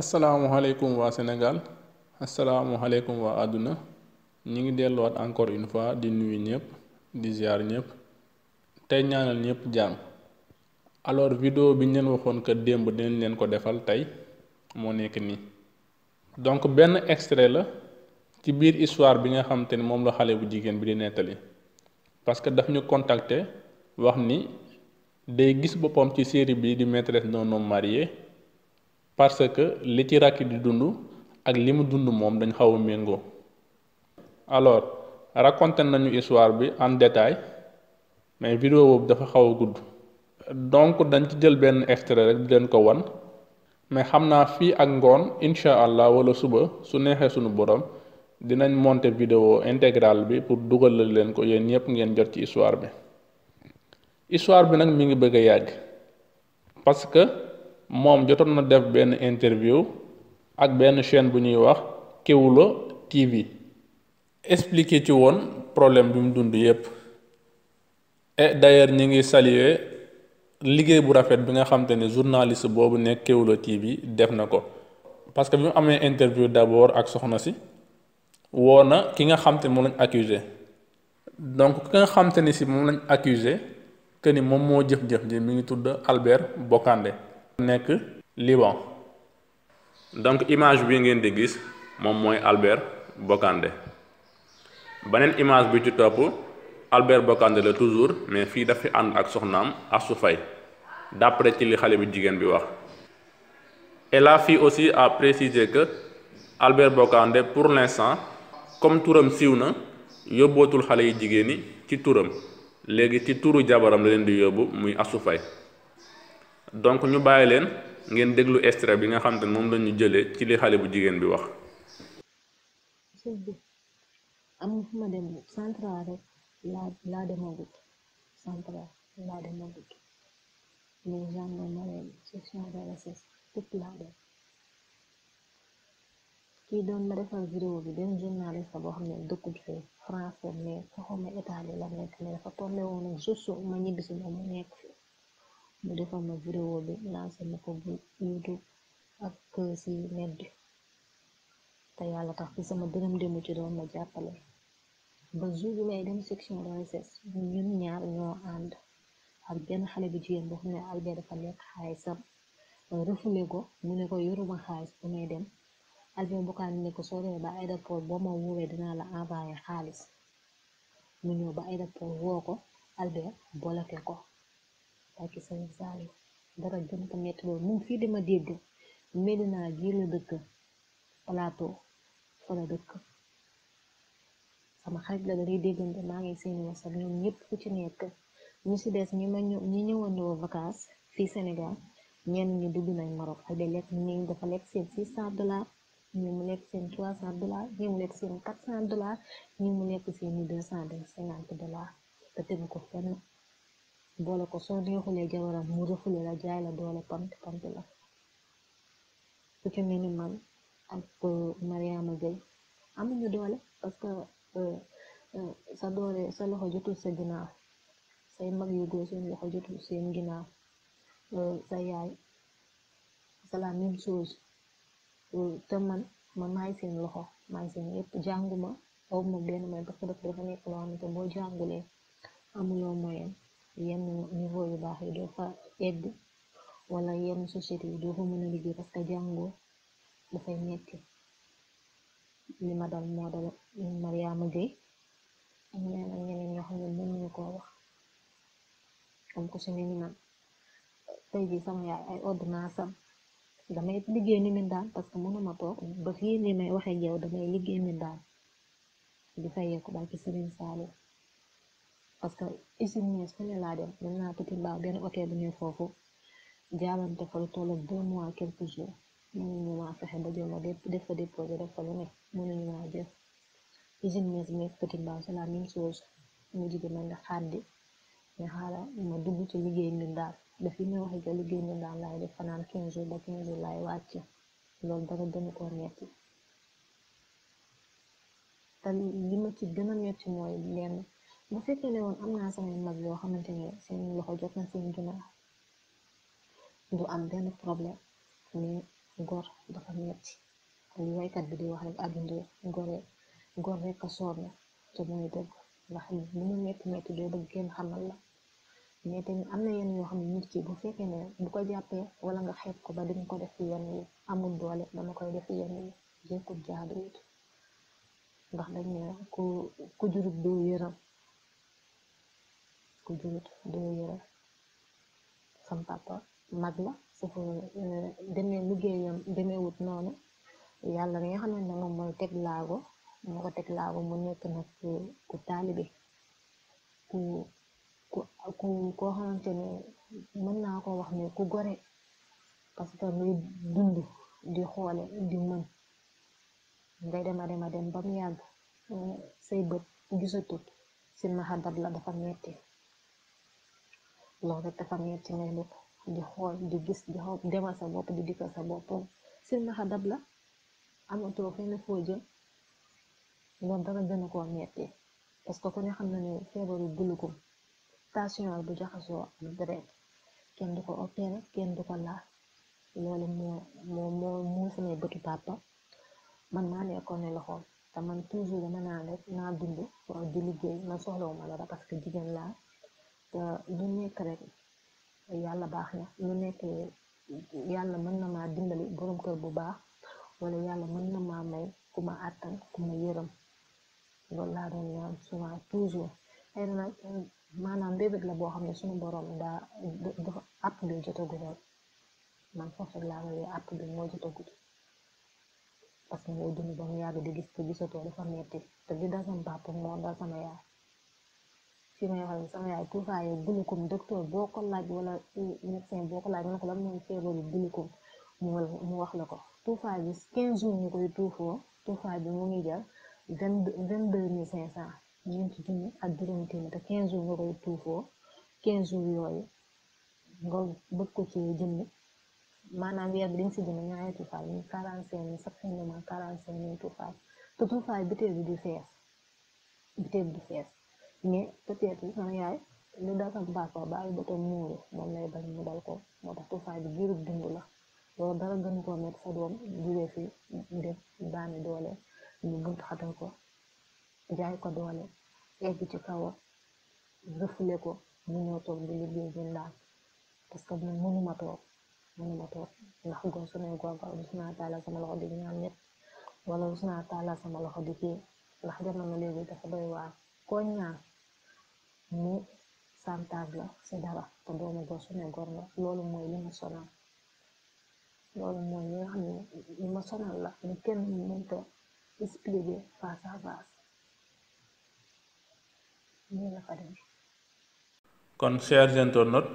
asalaamualeykum waa Sénégal asalaamualeykum waa àdduna ñu ngi delluwaat encore une fois di nuyu ñëpp di ziar ñëpp tey ñaanal ñëpp jàmm alors vidéo bi ñu waxoon que démb dinañ leen ko defal tey moo nekk nii. donc benn extrait la ci biir histoire bi nga xam te ni moom la xale bu jigéen bi di nettali parce que daf ñu contacter wax ni day gis boppam ci série bi di maîtresse d'un homme marié. parce que li ci rakk di dund ak li mu dund moom dañ xaw a méngoo alors raconté nañu histoire bi en détail mais vidéo boobu dafa xaw a gudd donc dañ ci jël benn extrait rek di leen ko wan mais xam naa fii ak ngoon incha allah wala suba su neexee sunu borom dinañ monter vidéo intégrale bi pour dugal dugalal leen ko yéen ñëpp ngeen jot ci histoire bi histoire bi nag mi ngi bëgg a yàgg moom jotoon na def benn interview ak benn chaîne bu ñuy wax Kewoulo TV expliqué ci woon problème bi mu dund yépp et d'ailleurs ñu ngi saluer liggéey bu rafet bi nga xam te ne journaliste boobu nekk Kewoulo TV def na ko parce que bi mu amee interview d'abord ak soxna si woo na ki nga xam ni ne moom lañ accusé donc ki nga xam te ne si moom lañ accusé que ni moom moo jëf-jëf ji mi ngi tudd Albert bokkande nekk Liban donc image bi ngeen di gis moom mooy Albert Bokandé beneen image bi ci topp Albert Bokandé la toujours mais fii dafa ànd ak soxnaam Astou Faye d'après ci li xale bu jigéen bi wax et la fille aussi à précisé que Albert Bokandé pour l'instant comme turam siiw na yóbbootul xale yi jigéen ñi ci turam léegi ci turu jabaram la leen di yóbbu muy Astou Faye donc ñu bàyyi leen ngeen déglu extrait bi nga xam te moom la ñu jëlee ci li xale bu jigéen bi wax. am fu ma dem central rek laa laa demagut central laa demagut mais gendarmerie section RSS fépp laa dem kii doon ma defal vidéo bi benn journaliste boo xam ne dëkkut fee français mais xaw ma état la nekk mais dafa tombé woon juste ma ñibbisi mu nekk fi mu defal ma vidéo bi lancé ma ko bu youtube ak si net bi te yàlla tax ci sama dërëm demu ci doon ma jàppale ba jour bi may dem section recherche ñun ñaar ñoo ànd ak benn xale bi jigéen boo xam ne albe dafa lekk xaalisam euh, refule ko mu ne ko yoruma bu may dem albe bokkaan ne ko soo demee ba aéroport boo ma woowee dinaa la envoyé xaalis mu ñëw ba aéroport woo ko albe bloqué ko barki sëriñ Saliou dara gën ko metti loolu mu fii dama dégg Medina gii la dëkk plateau fa la dëkk sama xarit la dalay déggante maa ngi seeni wasal ñoom ñëpp ku ci nekk ñu si des ñu ma ñëw ñi ñëwandoo vacances fii Sénégal ñeen ñi dugg nañ Maroc xëy na lekk ñi dafa lekk seen six cent dollars ñi mu lekk seen trois cent dollars ñu mu lekk seen quatre cent dollars ñi mu lekk seen deux cent cinquante dollars te tegu ko fenn boole ko soo neexulee jabaram mu rëfule la jaay la doole pant pant la ku ci mel ni man ak euh, Mariama Gueye amuñu doole parce que euh, euh, sa doole sa loxo jotul sa ginnaaw say mag yu góor seen loxo jotul seen ginnaaw sa yaay chose te man man maay seen loxo maay seen yëpp jànguma aw ma benn mooy parce que dafa dafa nekk loo xamante boo jàngulee amuloo moyen yenn niveau yu baax yi doo fa egg wala yenn société yi doo fa mën a liggéey parce que jàngoo dafay metti li ma dal moo dal Mariama Gueye ak ñeneen ak ñeneen ñoo xam ne koo wax comme ku si mel ni man jii sama yaay ay ordonnance liggéey ni min daal parce que mënuma toog ba fii ni may waxee yow damay liggéey min daal di fayeeku ba ci Serigne Saliou parce que usine ñees fële laa dem dem naa mbaaw benn hôtel bu ñuy foofu jaabante fa lu toll deux mois quelques jours mënuñu maa fexe ba jël ma def fa déposé def fa lu ne mënuñu maa jël usine ñees bi nekk petit mbaaw c'est la même chose mu jigéen man nga xàddi nga xaaral ma dugg ci liggéey ñun daal dafi may waxe ga liggéey ñun daal laay def fanaan quinze jours ba quinze jours laay wàcc loolu dara gënu koo metti te li ma ci gën a metti mooy lenn bu fekkee ne woon am naa samay mag yoo xamante ne seen loxo jot na seen ginnaaw du am benn problème mais gor dafa metti li waykat bi di wax rek àdduna gore gor rek a soor na te mooy ndax lu mu metti metti doo bëgg kenn xamal la mais tamit am na yenn yoo xam ne nit ki bu fekkee ne bu ko jàppee wala nga xeeb ko ba dañ ko def yenn yi amul doole dama koy def yenn yi jékkul jaaduwut ndax dañ ne ku ku jurub du ku jullit doo yore sam papa mag la sufa eh, demee liggéeyam demeewut noonu yàlla mi nga xamante ne moom mooy teg laago moo ko teg laago mu nekk ku ku ku ku koo xamante ne mën naa ko wax ne ku gore parce que muy dund di xoole di mën ngay dema dema dem ba mu yàgg eh, say bët gisatut si maxabat la dafa metti loolu rek dafa metti ngay nekk di xool di gis di xool demal sa bopp di dikkal sa bopp silmaxa dab la amatoo fenn foo jëm loolu dara gën a koo metti parce que ku ne xam na ne feebaru gulukum tension bu jaxasoo ak kenn du ko opéré kenn du ko laal loolu moo moo moo moo samay bëtu papa man maa nekkoon ne loxoom te man toujours dama naan rek naa dund di liggéey man soxlawuma dara parce que jigéen laa lu nekk rek yàlla baax na lu nekk yàlla mën na maa dimbali borom kër bu baax wala yàlla mën na maa may ku ma àttan ku ma yërëm loolu laa doon ñaan souvent toujours xëy bébét la boo xam ne suñu borom daa dafa àpp bi jotagu lool man foofu laa mayee àpp bi moo jotagu parce que ngay dund ba mu yàgg di gis te gisatoo dafa metti te di dal sama papa moo dal sama yaay ci may waxee sama yaay tout ça yow glaucome docteur boo ko laaj wala médecin boo ko laaj mu wax la ko tout ça bi 15 jours ñu koy tuufoo tout ça bi mu ngi jar vingt deux vingt deux mille cinq cent ak juróom téeméer te 15 jours yooyu nga bëgg ko ci jënd maanaam weer bi dañ si jënd ñaari tout ça ñu 45 mille chaque fin de mois 45 mille tout te tout bi du fees fees. mais peut être sama yaay lu dal sama papa bàyyi ba tam moom lay bañ mu dal ko moo tax tuufaay bi jurub dund la loolu dara gën koo met sa doom fi mu dem daani doole ñu bunt xatal ko jaay ko doole egg ci kawa rëfle ko mu ñëw toog di liggéey bi ndaal parce que man mënuma toog mënuma toog ndax goo na ne googa rus naa taalal sama loxo di ndax jamono léegi dafa doy waar koo ñaan mu santaag la si dara te doomu goosu ne gor loolu mooy li sonal loolu mooy li sonal la ni kenn mënta expliquer face à face nii la fa demee kon chers internautes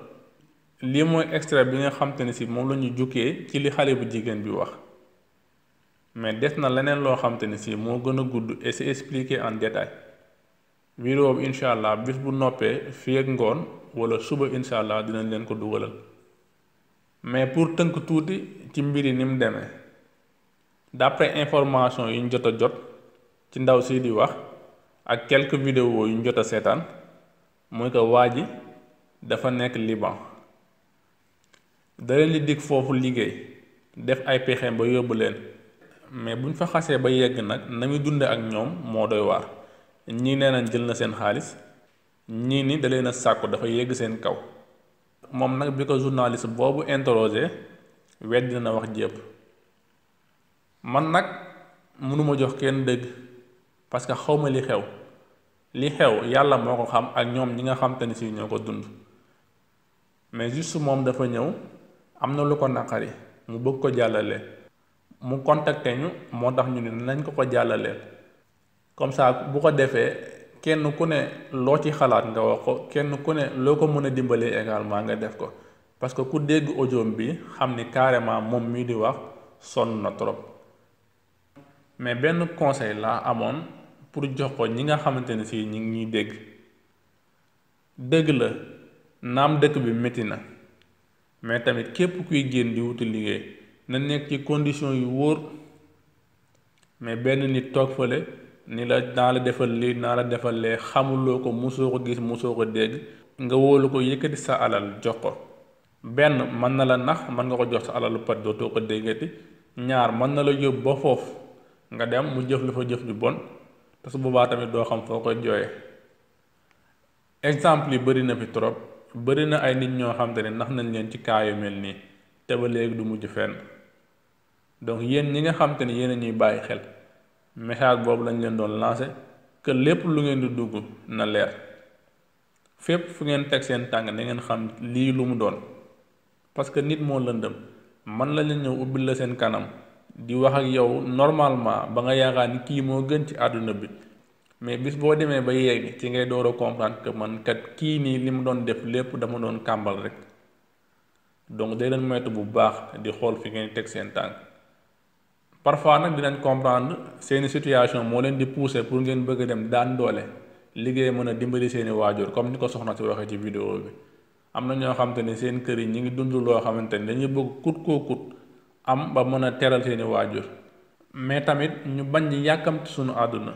lii mooy extrait bi nga xamante ne si moom la jukkee ci li xale bu jigéen bi wax mais des na leneen loo xamante ne si moo gën a gudd et c'est expliqué en détail vidéo bi incha allah bis bu noppee fii ak ngoon wala suba incha allah dinañ leen ko dugalal mais pour tënk tuuti ci mbir yi ni mu demee d'après information yi ñu jot a jot ci ndaw si di wax ak quelques vidéos yu ñu jot a seetaan mooy ko waa ji dafa nekk Liban da leen di dig foofu liggéey def ay pexeem ba yóbbu leen mais buñ fa xasee ba yegg nag na muy dunde ak ñoom moo doy waar. ñii nee nañ jël na seen xaalis ñii ni da leen a sàkku dafa yegg seen kaw moom nag bi ko journaliste boobu interrogé weddi na wax jépp man nag mënuma jox kenn dëgg parce que xawma li xew li xew yàlla moo ko xam ak ñoom ñi nga xam te ni si ñoo ko dund mais juste moom dafa ñëw am na lu ko naqari mu bëgg ko jàllale mu contacté ñu moo tax ñu ne nañ ko ko jàllaleel comme saa bu ko defee kenn ku ne loo ci xalaat nga wax ko kenn ku ne loo ko mën a dimbalee également nga def ko parce que ku dégg audio bi xam ni carrément moom muy di wax sonn na trop mais benn conseil laa amoon pour jox ko ñi nga xamante ne si ñi ngi ñuy dégg dégg la naam dëkk bi métti na mais tamit képp kuy génn di wuti liggéey na nekk ci condition yu wóor mais benn nit toog fële ni la naa la defal lii naa la defal lee xamuloo ko musoo ko gis musoo ko dégg nga wóolu ko yëkkati sa alal jox ko benn mën na la nax mën nga ko jox sa alalu pat dootoo ko déggati ñaar mën na la yóbbu ba foofu nga dem mu jëf la fa jëf ju bon te su boobaa tamit doo xam foo koy jooyee exemple yi bëri na fi trop bëri na ay nit ñoo xam te ne nax nañ leen ci kaa yu mel nii te ba léegi du mujj fenn donc yéen ñi nga xam ni ne yéen ñuy bàyyi xel. message boobu lañ leen doon lancé que lépp lu ngeen di dugg na leer fépp fu ngeen teg seen tànk na ngeen xam lii lu mu doon parce que nit moo lëndëm man la leen ñëw ubbil la seen kanam di wax ak yow normalement ba nga yaakaar ni kii moo gën ci àdduna bi mais bis boo demee ba yegg ci ngay door a comprendre que man kat kii nii li mu doon def lépp dama doon kàmbal rek donc day leen moytu bu baax di xool fi ngeen teg seen tànk. parfois nag dinañ comprendre seeni situation moo leen di pousser pour ngeen bëgg a dem daan doole liggéey mën a dimbali seeni waajur comme ni ko soxna si waxee ci vidéo bi am na ñoo xamante ni seen kër yi ñu ngi dund loo xamante ni dañuy bëgg kut koo kut am ba mën a teral seeni waajur mais tamit ñu bañ di yàkkamti suñu àdduna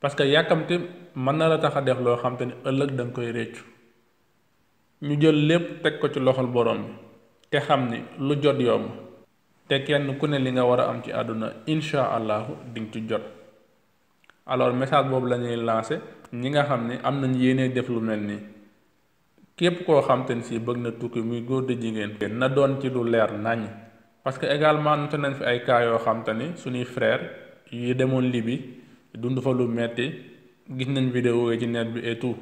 parce que yàkkamti mën na la tax a def loo xamante ni ëllëg da koy réccu ñu jël lépp teg ko ci loxol borom bi te xam ni lu jot yomb te kenn ku ne li nga war a am ci àdduna insha allahu dinga ci jot alors message boobu lañuy ñuy lancé ñi nga xam ne am nañ yéene def lu mel nii képp koo xam ne si bëgg na tukki muy góor di jigéen na doon ci lu leer nañ parce que également noté nañ fi ay cas yoo xam ni suñuy frère yu demoon Libi dund fa lu metti gis nañ vidéo yi ci net bi et tout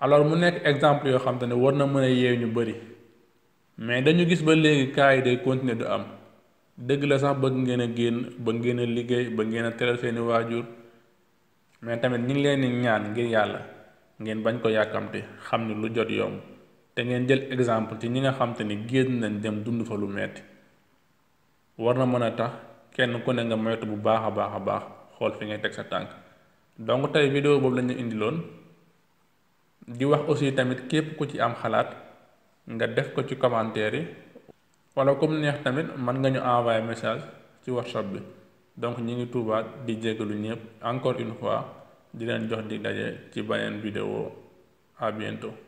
alors mu nekk exemple yoo xam ne war na mën a yeew ñu bëri mais dañu gis ba léegi cas yi day continuer du am dëgg la sax bëgg ngeen a génn ba ngeen a liggéey ba ngeen a teral seeni waajur mais tamit ñu ngi leen di ñaan ngir yàlla ngeen bañ ko yàkkamte xam ni lu jot yomb te ngeen jël exemple ci ñi nga xam ni génn nañ dem dund fa lu metti war na mën a tax kenn ku ne nga moytu bu baax a baax a baax xool fi ngay teg sa tànk donc tey vidéo boobu la ñu indiloon di wax aussi tamit képp ku ci am xalaat nga def ko ci commentaire yi wala comme neex tamit mën nga ñu envoyer message ci whatsapp bi donc ñi ngi tuubaat di jégalu ñëpp encore une fois di leen jox di daje ci beneen vidéo à bientôt